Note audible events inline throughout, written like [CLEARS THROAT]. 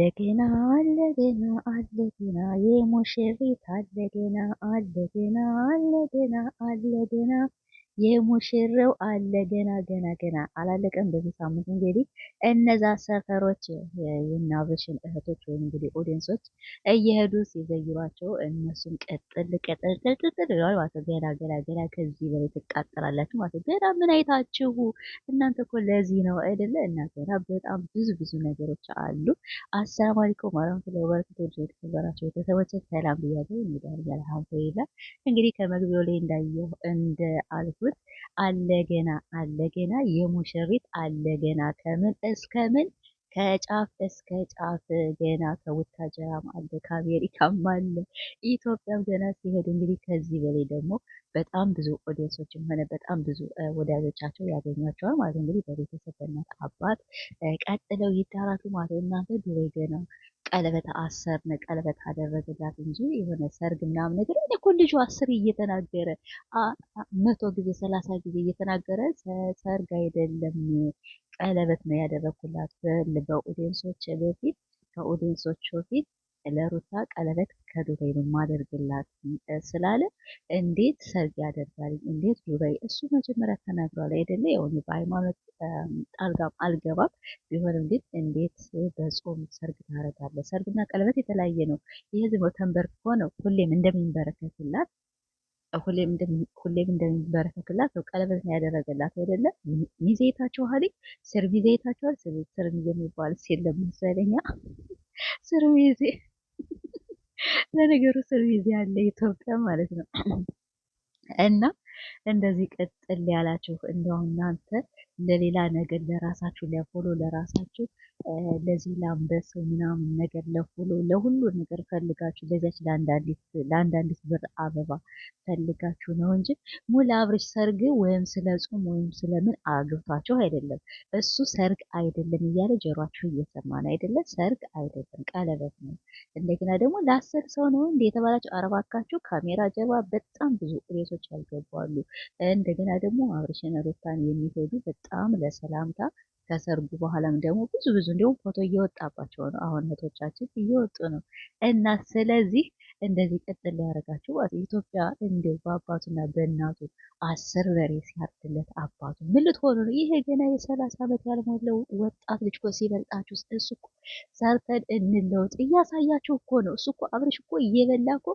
علقنا علقنا علقنا يا مشرد علقنا علقنا علقنا علقنا የሙሽራው አለ ገና ገና ገና አላለቀም። በዚህ ሳምንት እንግዲህ እነዛ ሰፈሮች የናብሽን እህቶች ወይም እንግዲህ ኦዲየንሶች እየሄዱ ሲዘይሯቸው እነሱም ቀጥል ቀጥል ቀጥል ብለዋል ማለት ነው። ገና ገና ገና ከዚህ በላይ ትቃጠላላችሁ ማለት ነው። ገና ምን አይታችሁ እናንተ እኮ ለዚህ ነው አይደለ? እናንተ ገና በጣም ብዙ ብዙ ነገሮች አሉ። አሰላሙ አለይኩም ወራህመቱላሂ ወበረካቱህ። የተከበራችሁ ቤተሰቦች ሰላም ብያለሁ። እንግዲህ አልሐምዱሊላህ እንግዲህ ከመግቢያው ላይ እንዳየሁ እንደ አልኩት የምታዩት አለገና አለገና የሙሽሪት አለገና ከምን እስከ ምን ከጫፍ እስከ ጫፍ ገና ከቡታጀራም አለ ከአሜሪካም አለ ኢትዮጵያም ገና ሲሄዱ እንግዲህ ከዚህ በላይ ደግሞ በጣም ብዙ ኦዲየንሶችም ሆነ በጣም ብዙ ወዳጆቻቸው ያገኟቸዋል ማለት እንግዲህ በቤተሰብ በእናት አባት ቀጥለው ይዳራሉ ማለት እናንተ ድሮ ገና ቀለበት አሰርን ቀለበት አደረገላት እንጂ የሆነ ሰርግ ምናምን ነገር እኔ እኮ ልጁ አስር እየተናገረ መቶ ጊዜ ሰላሳ ጊዜ እየተናገረ ሰርግ አይደለም ቀለበት ነው ያደረግኩላት በኦዲየንሶች በፊት ከኦዲየንሶች በፊት ለሩታ ቀለበት ከዱባይ ነው ማደርግላት ስላለ እንዴት ሰርግ ያደርጋል? እንዴት ዱባይ? እሱ መጀመሪያ ተናግሯል አይደለ? የሆነ በሃይማኖት ጣልጋም አልገባም። ቢሆንም ግን እንዴት በጾም ሰርግ ታደርጋለህ? ሰርግና ቀለበት የተለያየ ነው። ይህ ዝም ብሎ ተንበርክኮ ነው ሁሌም እንደሚንበረከትላት ሁሌም እንደሚበረከትላት ነው። ቀለበት ነው ያደረገላት አይደለ? ሚዜታቸው ሀሊ ስር ሚዜ ስር ሚዜ የሚባል ሲል ለምሳሌኛ እኛ ስር ሚዜ ለነገሩ ሰርቪስ ያለ ኢትዮጵያ ማለት ነው [CLEARS THROAT] እና እንደዚህ ቀጥል ያላችሁ እንደው እናንተ ለሌላ ነገር ለራሳችሁ ለፎሎ ለራሳችሁ ለዚህ ለአንበሳው ምናምን ነገር ለፎሎ ለሁሉ ነገር ፈልጋችሁ ለዚያች ለአንዳንዲት ብር አበባ ፈልጋችሁ ነው እንጂ ሙሉ አብርሽ ሰርግ ወይም ስለ ጾም ወይም ስለምን አግብቷችሁ አይደለም። እሱ ሰርግ አይደለም እያለ ጆሯችሁ እየሰማን አይደለም። ሰርግ አይደለም፣ ቀለበት ነው። እንደገና ደግሞ ለአስር ሰው ነው እንደ የተባላችሁ አረባካችሁ ካሜራ ጀርባ በጣም ብዙ ሬሶች ያልገባሉ። እንደገና ደግሞ አብርሽን ሩታን የሚሄዱ በጣም በጣም ለሰላምታ ከሰርጉ በኋላም ደግሞ ብዙ ብዙ እንዲሁም ፎቶ እየወጣባቸው ነው። አሁን እህቶቻችን እየወጡ ነው እና ስለዚህ እንደዚህ ቀጥል ነው። ኢትዮጵያ እንዲሁ በአባቱና በእናቱ አስር በሬ ሲያርድለት አባቱ ምን ልትሆኑ ነው? ይሄ ገና የሰላሳ ዓመት ያልሞላው ወጣት ልጅ እኮ ሲበልጣችሁ፣ እሱ እኮ ሰርተን እንለውጥ እያሳያችሁ እኮ ነው። እሱ እኮ አብረሽ እኮ እየበላ እኮ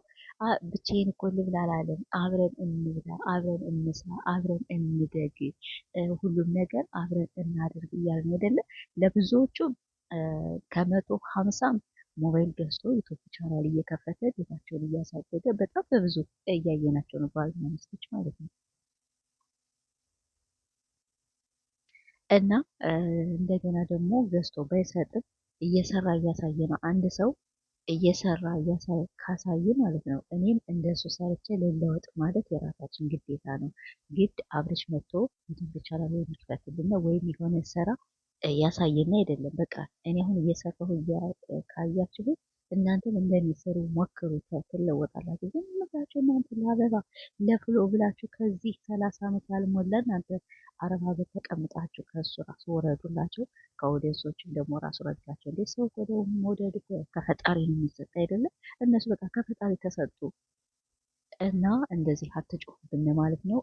ብቻዬን እኮ ልብላ አላለም። አብረን እንብላ፣ አብረን እንስራ፣ አብረን እንደግ፣ ሁሉም ነገር አብረን እናድርግ እያልን አይደለ ለብዙዎቹም ከመቶ ሀምሳም ሞባይል ገዝቶ ዩቱብ ቻናል እየከፈተ ቤታቸውን እያሳደገ በጣም በብዙ እያየናቸው ነው፣ ባልና ሚስቶች ማለት ነው። እና እንደገና ደግሞ ገዝቶ ባይሰጥም እየሰራ እያሳየ ነው። አንድ ሰው እየሰራ ካሳየ ማለት ነው እኔም እንደሱ ሰርቼ ልለወጥ ማለት የራሳችን ግዴታ ነው። ግድ አብረሽ መጥቶ ዩቱብ ቻናል ወይ ወይም የሆነ ስራ ያሳየን አይደለም። በቃ እኔ አሁን እየሰራሁ ካያችሁ እናንተም እንደሚሰሩ ሞክሩ፣ ትለወጣላችሁ። ዝም ብላችሁ እናንተ ለአበባ ለፍሎ ብላችሁ ከዚህ ሰላሳ ዓመት ያልሞላ እናንተ አረብ ሀገር ተቀምጣችሁ ከእሱ ራሱ ወረዱላቸው። ከኦዲየንሶችም ደግሞ ራሱ ረዳቸው። እንዴ ሰው ወደ ወደድ ከፈጣሪ ነው የሚሰጥ አይደለም። እነሱ በቃ ከፈጣሪ ተሰጡ እና እንደዚህ አትጮሁብን ማለት ነው።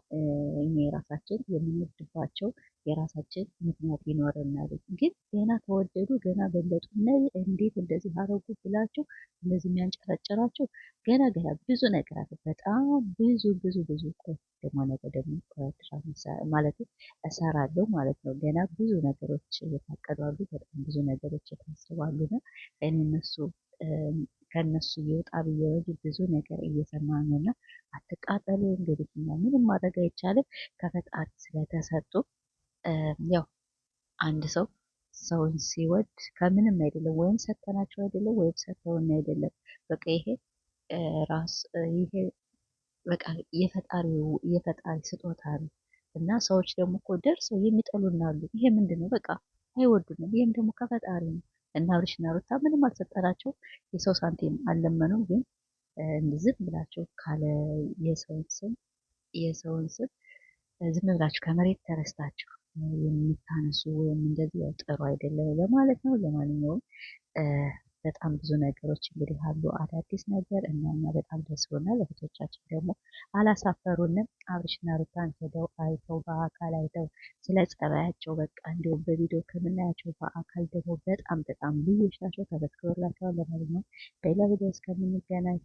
እኛ የራሳችን የምንወድባቸው የራሳችን ምክንያት ይኖረናል። ግን ገና ተወደዱ፣ ገና በለጡ፣ እነዚህ እንዴት እንደዚህ አረጉ ብላችሁ እንደዚህ የሚያንጨረጭራችሁ ገና ገና ብዙ ነገር አለ። በጣም ብዙ ብዙ ብዙ ደግሞ ነገር ደግሞ ማለት እሰራለሁ ማለት ነው። ገና ብዙ ነገሮች የታቀዱ አሉ። በጣም ብዙ ነገሮች የታሰቡ አሉና እነሱ ከእነሱ የወጣ ብየወጅ ብዙ ነገር እየሰማ ነው እና አትቃጠሉ። እንግዲህ ምንም ማድረግ አይቻልም ከፈጣሪ ስለተሰጡ ያው አንድ ሰው ሰውን ሲወድ ከምንም አይደለም ወይም ሰተናቸው አይደለም ወይም ሰተውን አይደለም። በቃ ይሄ ራስ ይሄ በቃ የፈጣሪው የፈጣሪ ስጦታ ነው እና ሰዎች ደግሞ እኮ ደርሰው የሚጠሉና አሉ። ይሄ ምንድን ነው? በቃ አይወዱንም። ይሄም ደግሞ ከፈጣሪ ነው እና አብርሽና ሩታ ምንም አልሰጠናቸው። የሰው ሳንቲም አልለመኑም። ግን ዝም ብላችሁ ካለ የሰውን ስም የሰውን ስም ዝም ብላችሁ ከመሬት ተረስታችሁ የምታነሱ ወይም እንደዚህ ያው ጥሩ አይደለም ለማለት ነው። ለማንኛውም በጣም ብዙ ነገሮች እንግዲህ አሉ አዳዲስ ነገር እና እኛ በጣም ደስ ብሎናል። እህቶቻችን ደግሞ አላሳፈሩንም። አብርሽና ሩታን ሄደው አይተው በአካል አይተው ስለ ጸባያቸው በቃ እንዲሁም በቪዲዮ ከምናያቸው በአካል ደግሞ በጣም በጣም ልዩ ናቸው። ተመስክሮላቸዋል። ለማንኛውም በሌላ ቪዲዮ እስከምንገናኝ